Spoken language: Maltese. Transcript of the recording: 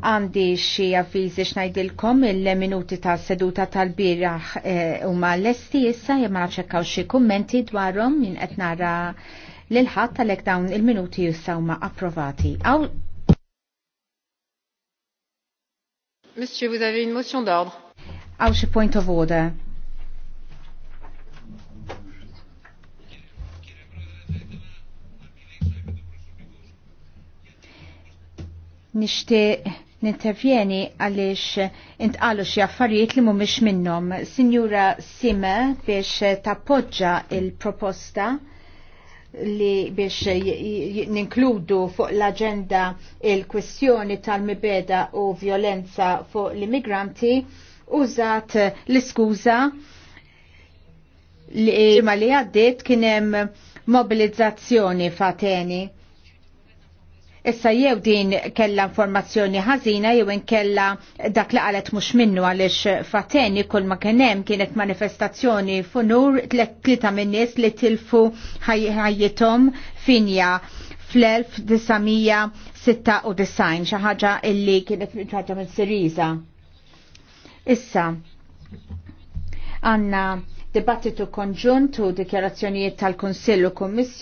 Għandi xie avvizi xnajdilkom il-minuti ta' seduta tal-biraħ eh, u ma' l-esti jissa jemma ċekkaw xie kommenti dwarom minn etnara l-ħat tal-ek dawn il-minuti jissaw ma' approvati. Aw... Monsieur, vous avez une motion d'ordre. Aw xie point of order. nishtiq nintervjeni għaliex intqalu xie affarijiet li mhumiex minnhom. Sinjura Sime biex tappoġġa il-proposta li biex ninkludu fuq l-agenda il-kwestjoni tal-mibeda u violenza fuq l-immigranti użat l-iskuża li ma li għaddit kienem mobilizzazzjoni fateni Issa jew din kella informazzjoni ħażina jew inkella dak li qalet mhux minnu għaliex fateni kull ma kien hemm kienet manifestazzjoni funur tlieta min nies li tilfu ħajjithom finja fl-1996 xi ħaġa illi kienet ġarġa minn Siriza. Issa għandna dibattitu konġunt u dikjarazzjonijiet tal u Kummissjoni